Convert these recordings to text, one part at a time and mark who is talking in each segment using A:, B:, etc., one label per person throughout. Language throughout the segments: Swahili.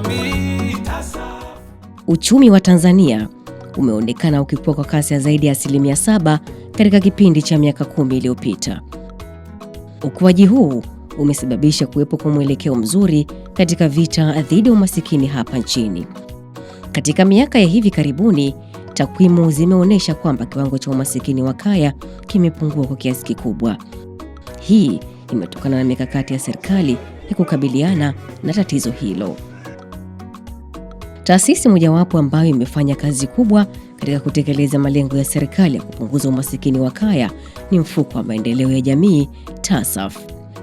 A: jamii. Uchumi wa Tanzania umeonekana ukikua kwa kasi ya zaidi ya asilimia saba katika kipindi cha miaka kumi iliyopita. Ukuaji huu umesababisha kuwepo kwa mwelekeo mzuri katika vita dhidi ya umasikini hapa nchini. Katika miaka ya hivi karibuni, takwimu zimeonyesha kwamba kiwango cha umasikini wa kaya kimepungua kwa kiasi kikubwa. Hii imetokana na mikakati ya serikali ya kukabiliana na tatizo hilo taasisi mojawapo ambayo imefanya kazi kubwa katika kutekeleza malengo ya serikali ya kupunguza umasikini wa kaya ni mfuko wa maendeleo ya jamii TASAF.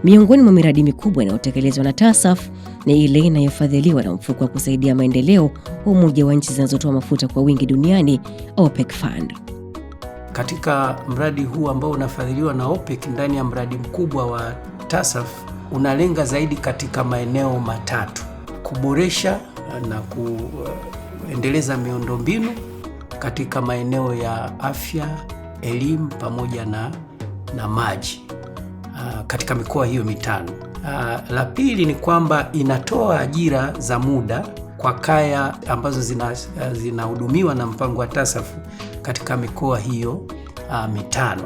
A: Miongoni mwa miradi mikubwa inayotekelezwa na TASAF ni ile inayofadhiliwa na mfuko wa kusaidia maendeleo wa Umoja wa nchi zinazotoa mafuta kwa wingi duniani OPEC Fund.
B: Katika mradi huu ambao unafadhiliwa na OPEC ndani ya mradi mkubwa wa TASAF unalenga zaidi katika maeneo matatu kuboresha eh, na kuendeleza eh, miundombinu katika maeneo ya afya, elimu pamoja na, na maji eh, katika mikoa hiyo mitano. la pili ni kwamba inatoa ajira za muda kwa kaya ambazo zinahudumiwa zina na mpango wa TASAF katika mikoa hiyo uh, mitano.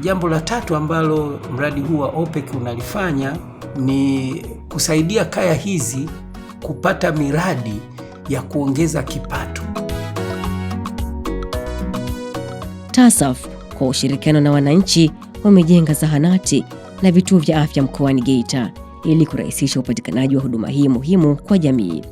B: Jambo la tatu ambalo mradi huu wa OPEC unalifanya ni kusaidia kaya hizi kupata miradi ya kuongeza kipato.
A: TASAF kwa ushirikiano na wananchi wamejenga zahanati na vituo vya afya mkoani Geita ili kurahisisha upatikanaji wa huduma hii muhimu kwa jamii.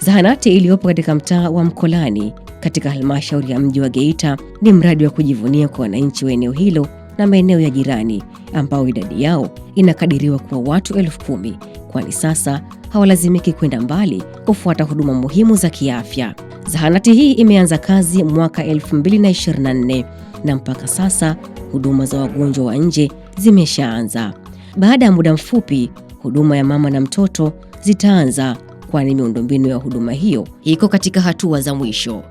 A: Zahanati iliyopo katika mtaa wa Mkolani katika halmashauri ya mji wa Geita ni mradi wa kujivunia kwa wananchi wa eneo hilo na maeneo ya jirani ambao idadi yao inakadiriwa kuwa watu elfu kumi kwani sasa hawalazimiki kwenda mbali kufuata huduma muhimu za kiafya. Zahanati hii imeanza kazi mwaka 2024 na mpaka sasa huduma za wagonjwa wa nje zimeshaanza. Baada ya muda mfupi, huduma ya mama na mtoto zitaanza, kwani miundombinu ya huduma hiyo iko katika hatua za mwisho.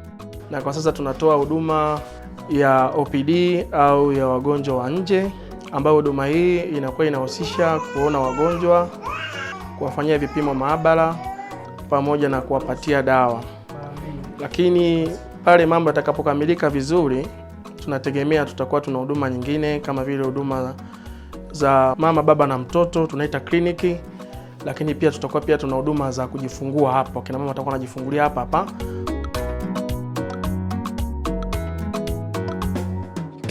C: Na kwa sasa tunatoa huduma ya OPD au ya wagonjwa wa nje, ambayo huduma hii inakuwa inahusisha kuona wagonjwa, kuwafanyia vipimo maabara pamoja na kuwapatia dawa. Lakini pale mambo yatakapokamilika vizuri, tunategemea tutakuwa tuna huduma nyingine kama vile huduma za mama, baba na mtoto, tunaita kliniki lakini pia tutakuwa pia tuna huduma za kujifungua hapo, kina mama watakuwa wanajifungulia hapa hapa.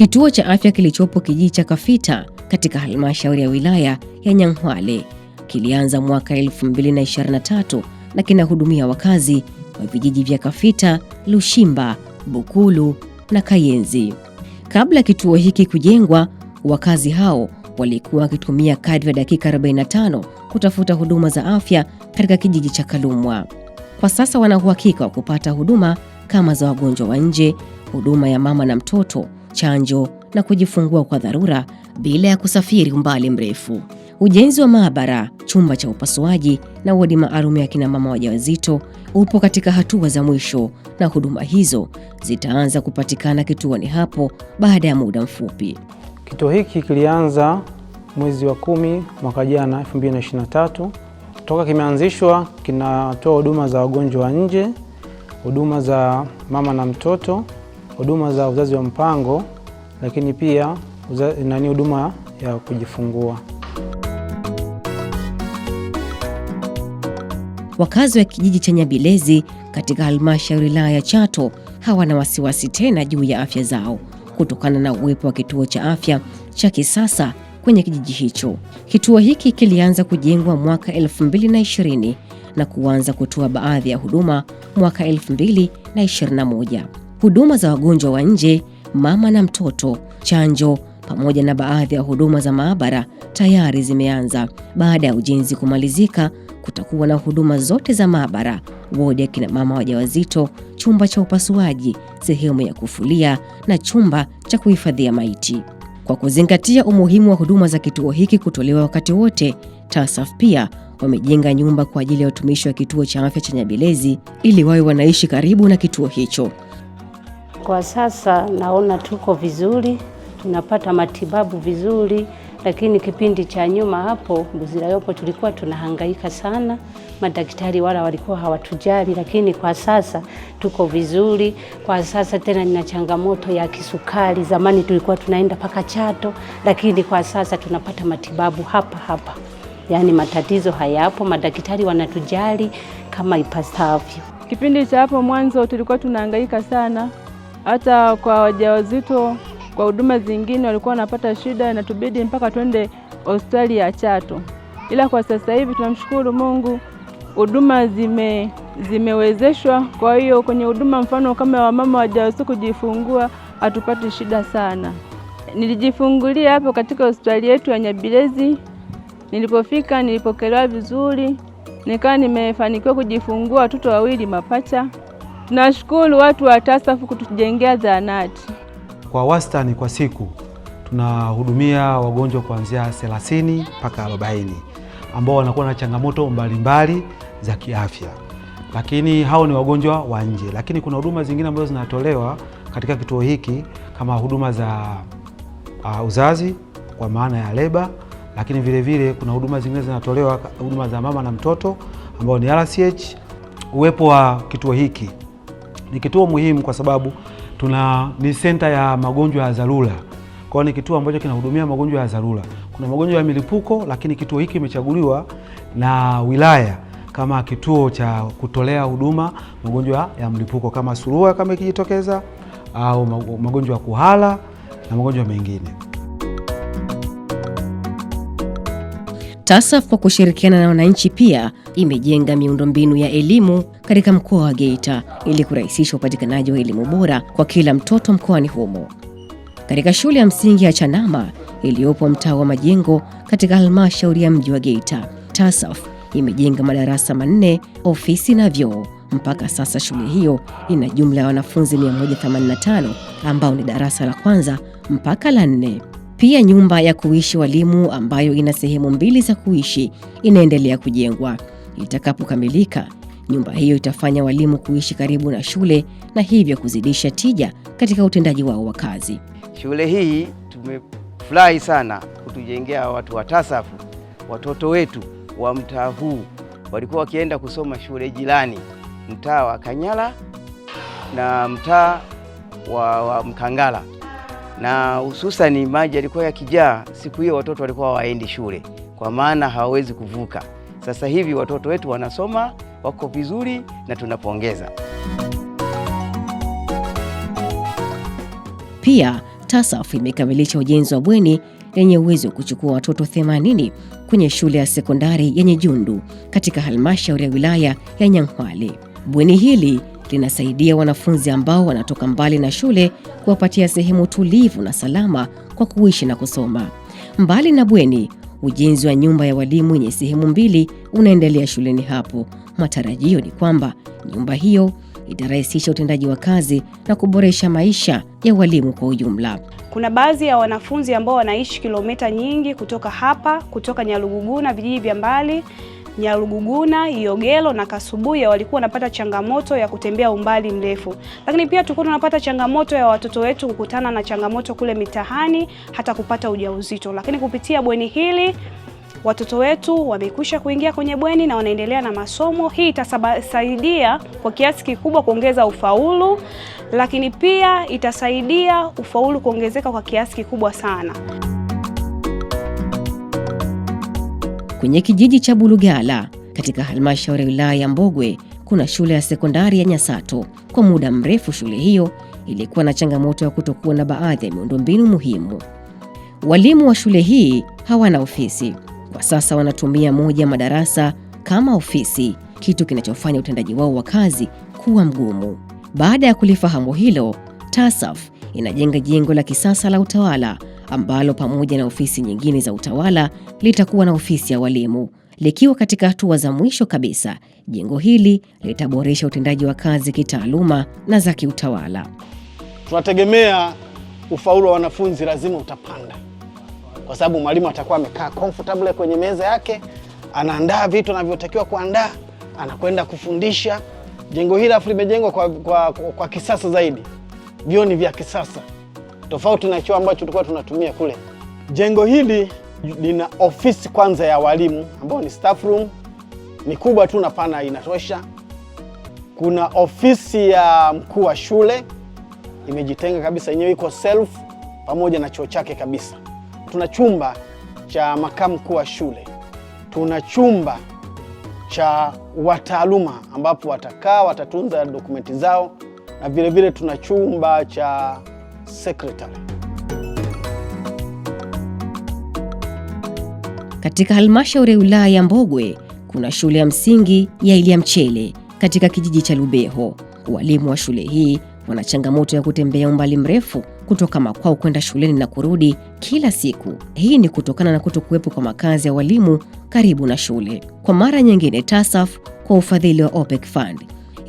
A: Kituo cha afya kilichopo kijiji cha Kafita katika halmashauri ya wilaya ya Nyang'hwale kilianza mwaka 2023 na kinahudumia wakazi wa vijiji vya Kafita, Lushimba, Bukulu na Kayenzi. Kabla kituo hiki kujengwa, wakazi hao walikuwa wakitumia kadi ya dakika 45 kutafuta huduma za afya katika kijiji cha Kalumwa. Kwa sasa wana uhakika wa kupata huduma kama za wagonjwa wa nje, huduma ya mama na mtoto chanjo na kujifungua kwa dharura bila ya kusafiri umbali mrefu. Ujenzi wa maabara, chumba cha upasuaji na wodi maalum ya kina mama wajawazito upo katika hatua za mwisho, na huduma hizo zitaanza kupatikana kituoni hapo baada ya muda mfupi.
C: Kituo hiki kilianza mwezi wa kumi mwaka jana 2023. Toka kimeanzishwa, kinatoa huduma za wagonjwa wa nje, huduma za mama na mtoto huduma za uzazi wa mpango, lakini pia nani huduma ya kujifungua.
A: Wakazi wa kijiji cha Nyabilezi katika halmashauri wilaya ya Chato hawana wasiwasi tena juu ya afya zao kutokana na uwepo wa kituo cha afya cha kisasa kwenye kijiji hicho. Kituo hiki kilianza kujengwa mwaka 2020 na kuanza kutoa baadhi ya huduma mwaka 2021 huduma za wagonjwa wa nje, mama na mtoto, chanjo pamoja na baadhi ya huduma za maabara tayari zimeanza. Baada ya ujenzi kumalizika, kutakuwa na huduma zote za maabara, wodi ya kina mama wajawazito, chumba cha upasuaji, sehemu ya kufulia na chumba cha kuhifadhia maiti. Kwa kuzingatia umuhimu wa huduma za kituo hiki kutolewa wakati wote, TASAF pia wamejenga nyumba kwa ajili ya watumishi wa kituo cha afya cha Nyabilezi ili wawe wanaishi karibu na kituo hicho.
D: Kwa sasa naona tuko vizuri, tunapata matibabu vizuri, lakini kipindi cha nyuma hapo yopo tulikuwa tunahangaika sana, madaktari wala walikuwa hawatujali, lakini kwa sasa tuko vizuri. Kwa sasa tena nina changamoto ya kisukari, zamani tulikuwa tunaenda paka Chato, lakini kwa sasa tunapata matibabu hapa hapa, yaani matatizo hayapo, madaktari wanatujali kama ipasavyo.
E: Kipindi cha hapo mwanzo tulikuwa tunahangaika sana hata kwa wajawazito, kwa huduma zingine walikuwa wanapata shida, inatubidi mpaka twende hospitali ya Chato. Ila kwa sasa hivi tunamshukuru Mungu, huduma zime zimewezeshwa. Kwa hiyo kwenye huduma, mfano kama wamama wajawazito kujifungua, hatupati shida sana. Nilijifungulia hapo katika hospitali yetu ya Nyabilezi. Nilipofika nilipokelewa vizuri, nikawa nimefanikiwa kujifungua watoto wawili mapacha. Tunashukuru watu wa TASAF kutujengea zahanati.
F: Kwa wastani kwa siku tunahudumia wagonjwa kuanzia 30 mpaka 40 ambao wanakuwa na changamoto mbalimbali za kiafya, lakini hao ni wagonjwa wa nje, lakini kuna huduma zingine ambazo zinatolewa katika kituo hiki kama huduma za uh, uzazi kwa maana ya leba, lakini vilevile vile, kuna huduma zingine zinatolewa huduma za mama na mtoto ambao ni RCH. Uwepo wa kituo hiki ni kituo muhimu kwa sababu tuna ni senta ya magonjwa ya dharura. Kwa hiyo ni kituo ambacho kinahudumia magonjwa ya dharura. Kuna magonjwa ya milipuko, lakini kituo hiki kimechaguliwa na wilaya kama kituo cha kutolea huduma magonjwa ya mlipuko kama surua kama ikijitokeza, au magonjwa ya kuhara na magonjwa mengine.
A: TASAF kwa kushirikiana na wananchi pia imejenga miundombinu ya elimu katika mkoa wa Geita ili kurahisisha upatikanaji wa elimu bora kwa kila mtoto mkoani humo. Katika shule ya msingi ya Chanama iliyopo mtaa wa Majengo katika halmashauri ya mji wa Geita, TASAF imejenga madarasa manne, ofisi na vyoo. Mpaka sasa shule hiyo ina jumla ya wanafunzi 185 ambao ni darasa la kwanza mpaka la nne. Pia nyumba ya kuishi walimu ambayo ina sehemu mbili za kuishi inaendelea kujengwa. Itakapokamilika, nyumba hiyo itafanya walimu kuishi karibu na shule na hivyo kuzidisha tija katika utendaji wao wa kazi.
G: Shule hii tumefurahi sana kutujengea watu wa TASAFU. Watoto wetu wa mtaa huu walikuwa wakienda kusoma shule jirani, mtaa wa Kanyala na mtaa wa, wa Mkangala na hususani maji yalikuwa yakijaa siku hiyo, watoto walikuwa hawaendi shule kwa maana hawawezi kuvuka. Sasa hivi watoto wetu wanasoma, wako vizuri na tunapongeza.
A: Pia TASAF imekamilisha ujenzi wa bweni lenye uwezo wa kuchukua watoto 80 kwenye shule ya sekondari yenye Jundu katika halmashauri ya wilaya ya Nyang'hwale. Bweni hili linasaidia wanafunzi ambao wanatoka mbali na shule kuwapatia sehemu tulivu na salama kwa kuishi na kusoma. Mbali na bweni, ujenzi wa nyumba ya walimu yenye sehemu mbili unaendelea shuleni hapo. Matarajio ni kwamba nyumba hiyo itarahisisha utendaji wa kazi na kuboresha maisha ya walimu kwa ujumla.
H: Kuna baadhi ya wanafunzi ambao wanaishi kilomita nyingi kutoka hapa, kutoka Nyaluguguna, vijiji vya mbali Nyaruguguna, Iogelo na Kasubuya walikuwa wanapata changamoto ya kutembea umbali mrefu, lakini pia tulikuwa tunapata changamoto ya watoto wetu kukutana na changamoto kule mitahani, hata kupata ujauzito. Lakini kupitia bweni hili watoto wetu wamekwisha kuingia kwenye bweni na wanaendelea na masomo. Hii itasaidia kwa kiasi kikubwa kuongeza ufaulu, lakini pia itasaidia ufaulu kuongezeka kwa kiasi kikubwa sana.
A: Kwenye kijiji cha Bulugala katika halmashauri ya wilaya ya Mbogwe kuna shule ya sekondari ya Nyasato. Kwa muda mrefu shule hiyo ilikuwa na changamoto ya kutokuwa na baadhi ya miundombinu muhimu. Walimu wa shule hii hawana ofisi kwa sasa, wanatumia moja madarasa kama ofisi, kitu kinachofanya utendaji wao wa kazi kuwa mgumu. Baada ya kulifahamu hilo, TASAF inajenga jengo la kisasa la utawala ambalo pamoja na ofisi nyingine za utawala litakuwa na ofisi ya walimu. Likiwa katika hatua za mwisho kabisa, jengo hili litaboresha utendaji wa kazi kitaaluma na za kiutawala.
I: Tunategemea ufaulu wa wanafunzi lazima utapanda, kwa sababu mwalimu atakuwa amekaa comfortable kwenye meza yake, anaandaa vitu anavyotakiwa kuandaa, anakwenda kufundisha. Jengo hili afu limejengwa kwa, kwa, kwa, kwa kisasa zaidi, vyoo ni vya kisasa tofauti na choo ambacho tulikuwa tunatumia kule. Jengo hili lina ofisi kwanza ya walimu ambao ni staff room, ni kubwa tu na pana, inatosha. Kuna ofisi ya mkuu wa shule imejitenga kabisa, yenyewe iko self pamoja na choo chake kabisa. Tuna chumba cha makamu mkuu wa shule, tuna chumba cha wataaluma ambapo watakaa watatunza dokumenti zao, na vilevile tuna chumba cha secretary.
A: Katika halmashauri ya wilaya ya Mbogwe kuna shule ya msingi ya Ilia Mchele katika kijiji cha Lubeho. Walimu wa shule hii wana changamoto ya kutembea umbali mrefu kutoka makwao kwenda shuleni na kurudi kila siku. Hii ni kutokana na kutokuwepo kwa makazi ya walimu karibu na shule. Kwa mara nyingine, TASAF kwa ufadhili wa OPEC Fund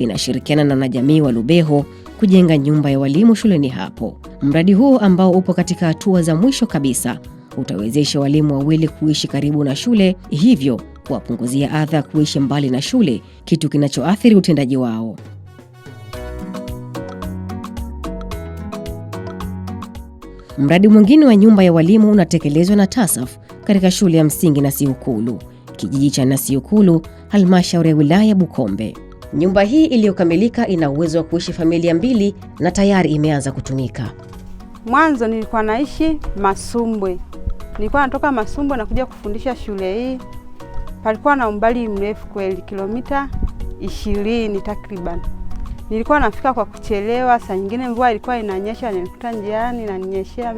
A: inashirikiana na wanajamii wa Lubeho kujenga nyumba ya walimu shuleni hapo. Mradi huo ambao upo katika hatua za mwisho kabisa utawezesha walimu wawili kuishi karibu na shule, hivyo kuwapunguzia adha ya kuishi mbali na shule, kitu kinachoathiri utendaji wao. Mradi mwingine wa nyumba ya walimu unatekelezwa na TASAF katika shule ya msingi Nasiukulu, kijiji cha Nasiukulu, halmashauri ya wilaya Bukombe. Nyumba hii iliyokamilika ina uwezo wa kuishi familia mbili na tayari imeanza kutumika.
J: Mwanzo nilikuwa naishi Masumbwe, nilikuwa natoka Masumbwe na kuja kufundisha shule hii. Palikuwa na umbali mrefu kweli, kilomita ishirini takriban. Nilikuwa nafika kwa kuchelewa, saa nyingine mvua ilikuwa inanyesha, nilikuta njiani inaninyeshea,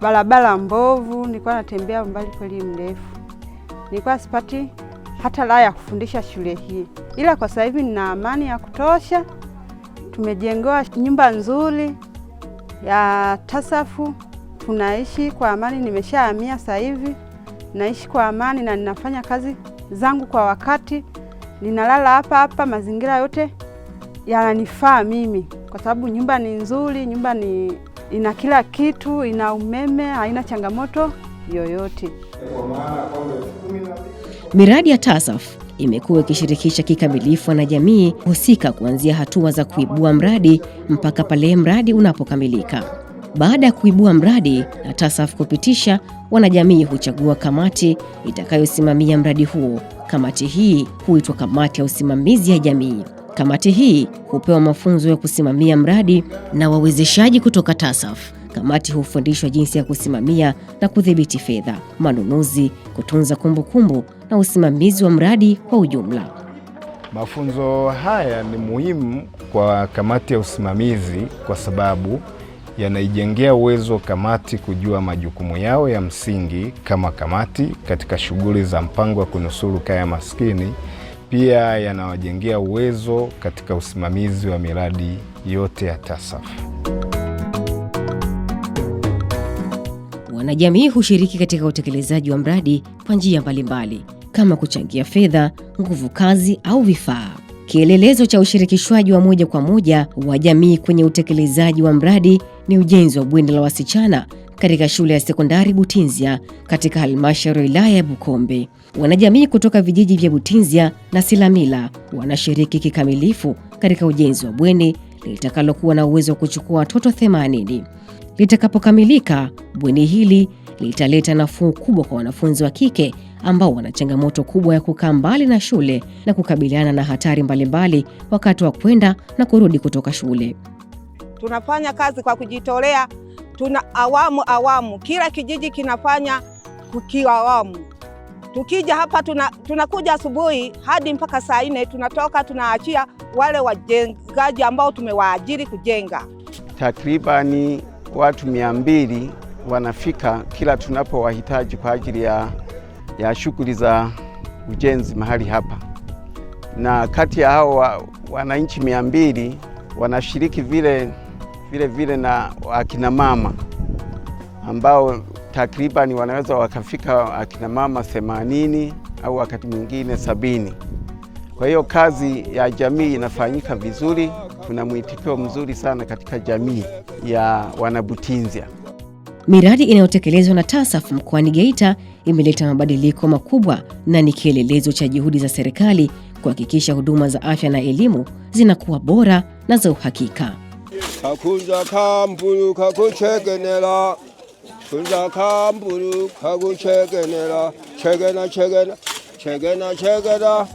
J: barabara mbovu, nilikuwa natembea umbali kweli mrefu, nilikuwa sipati hata raha ya kufundisha shule hii, ila kwa sasa hivi nina amani ya kutosha. Tumejengewa nyumba nzuri ya tasafu, tunaishi kwa amani. Nimeshahamia sasa hivi, naishi kwa amani na ninafanya kazi zangu kwa wakati, ninalala hapa hapa, mazingira yote yananifaa mimi kwa sababu nyumba ni nzuri, nyumba ni ina kila kitu, ina umeme, haina changamoto yoyote kwa maana kwamba
A: Miradi ya TASAF imekuwa ikishirikisha kikamilifu wanajamii husika kuanzia hatua za kuibua mradi mpaka pale mradi unapokamilika. Baada ya kuibua mradi na TASAF kupitisha, wanajamii huchagua kamati itakayosimamia mradi huo. Kamati hii huitwa kamati ya usimamizi ya jamii. Kamati hii hupewa mafunzo ya kusimamia mradi na wawezeshaji kutoka TASAF. Kamati hufundishwa jinsi ya kusimamia na kudhibiti fedha, manunuzi, kutunza kumbukumbu kumbu, na usimamizi wa mradi kwa ujumla.
K: Mafunzo haya ni muhimu kwa kamati ya usimamizi kwa sababu yanaijengea uwezo kamati kujua majukumu yao ya msingi kama kamati katika shughuli za mpango wa kunusuru kaya maskini. Pia yanawajengea uwezo katika usimamizi wa miradi yote ya TASAF.
A: Wanajamii hushiriki katika utekelezaji wa mradi kwa njia mbalimbali kama kuchangia fedha, nguvu kazi au vifaa. Kielelezo cha ushirikishwaji wa moja kwa moja wa jamii kwenye utekelezaji wa mradi ni ujenzi wa bweni la wasichana katika shule ya sekondari Butinzya katika halmashauri ya wilaya ya Bukombe. Wanajamii kutoka vijiji vya Butinzya na Silamila wanashiriki kikamilifu katika ujenzi wa bweni litakalokuwa na uwezo wa kuchukua watoto 80. Litakapokamilika, bweni hili litaleta nafuu kubwa kwa wanafunzi wa kike ambao wana changamoto kubwa ya kukaa mbali na shule na kukabiliana na hatari mbalimbali wakati wa kwenda na kurudi kutoka shule.
L: Tunafanya kazi kwa kujitolea, tuna awamu awamu, kila kijiji kinafanya kukiwa awamu. Tukija hapa tuna, tunakuja asubuhi hadi mpaka saa nne tunatoka, tunaachia wale wajengaji ambao tumewaajiri kujenga
M: takribani watu mia mbili wanafika kila tunapowahitaji kwa ajili ya, ya shughuli za ujenzi mahali hapa, na kati ya hao wananchi mia mbili wanashiriki vile vile vile na akina mama ambao takribani wanaweza wakafika akina mama themanini au wakati mwingine sabini. Kwa hiyo kazi ya jamii inafanyika vizuri tuna mwitikio mzuri sana katika jamii ya Wanabutinzya.
A: Miradi inayotekelezwa na TASAF mkoani Geita imeleta mabadiliko makubwa na ni kielelezo cha juhudi za serikali kuhakikisha huduma za afya na elimu zinakuwa bora na za uhakika.
N: kakunza kambulu kakuchegenela kunza kambulu kakuchegenela chegena chegena chegena chegena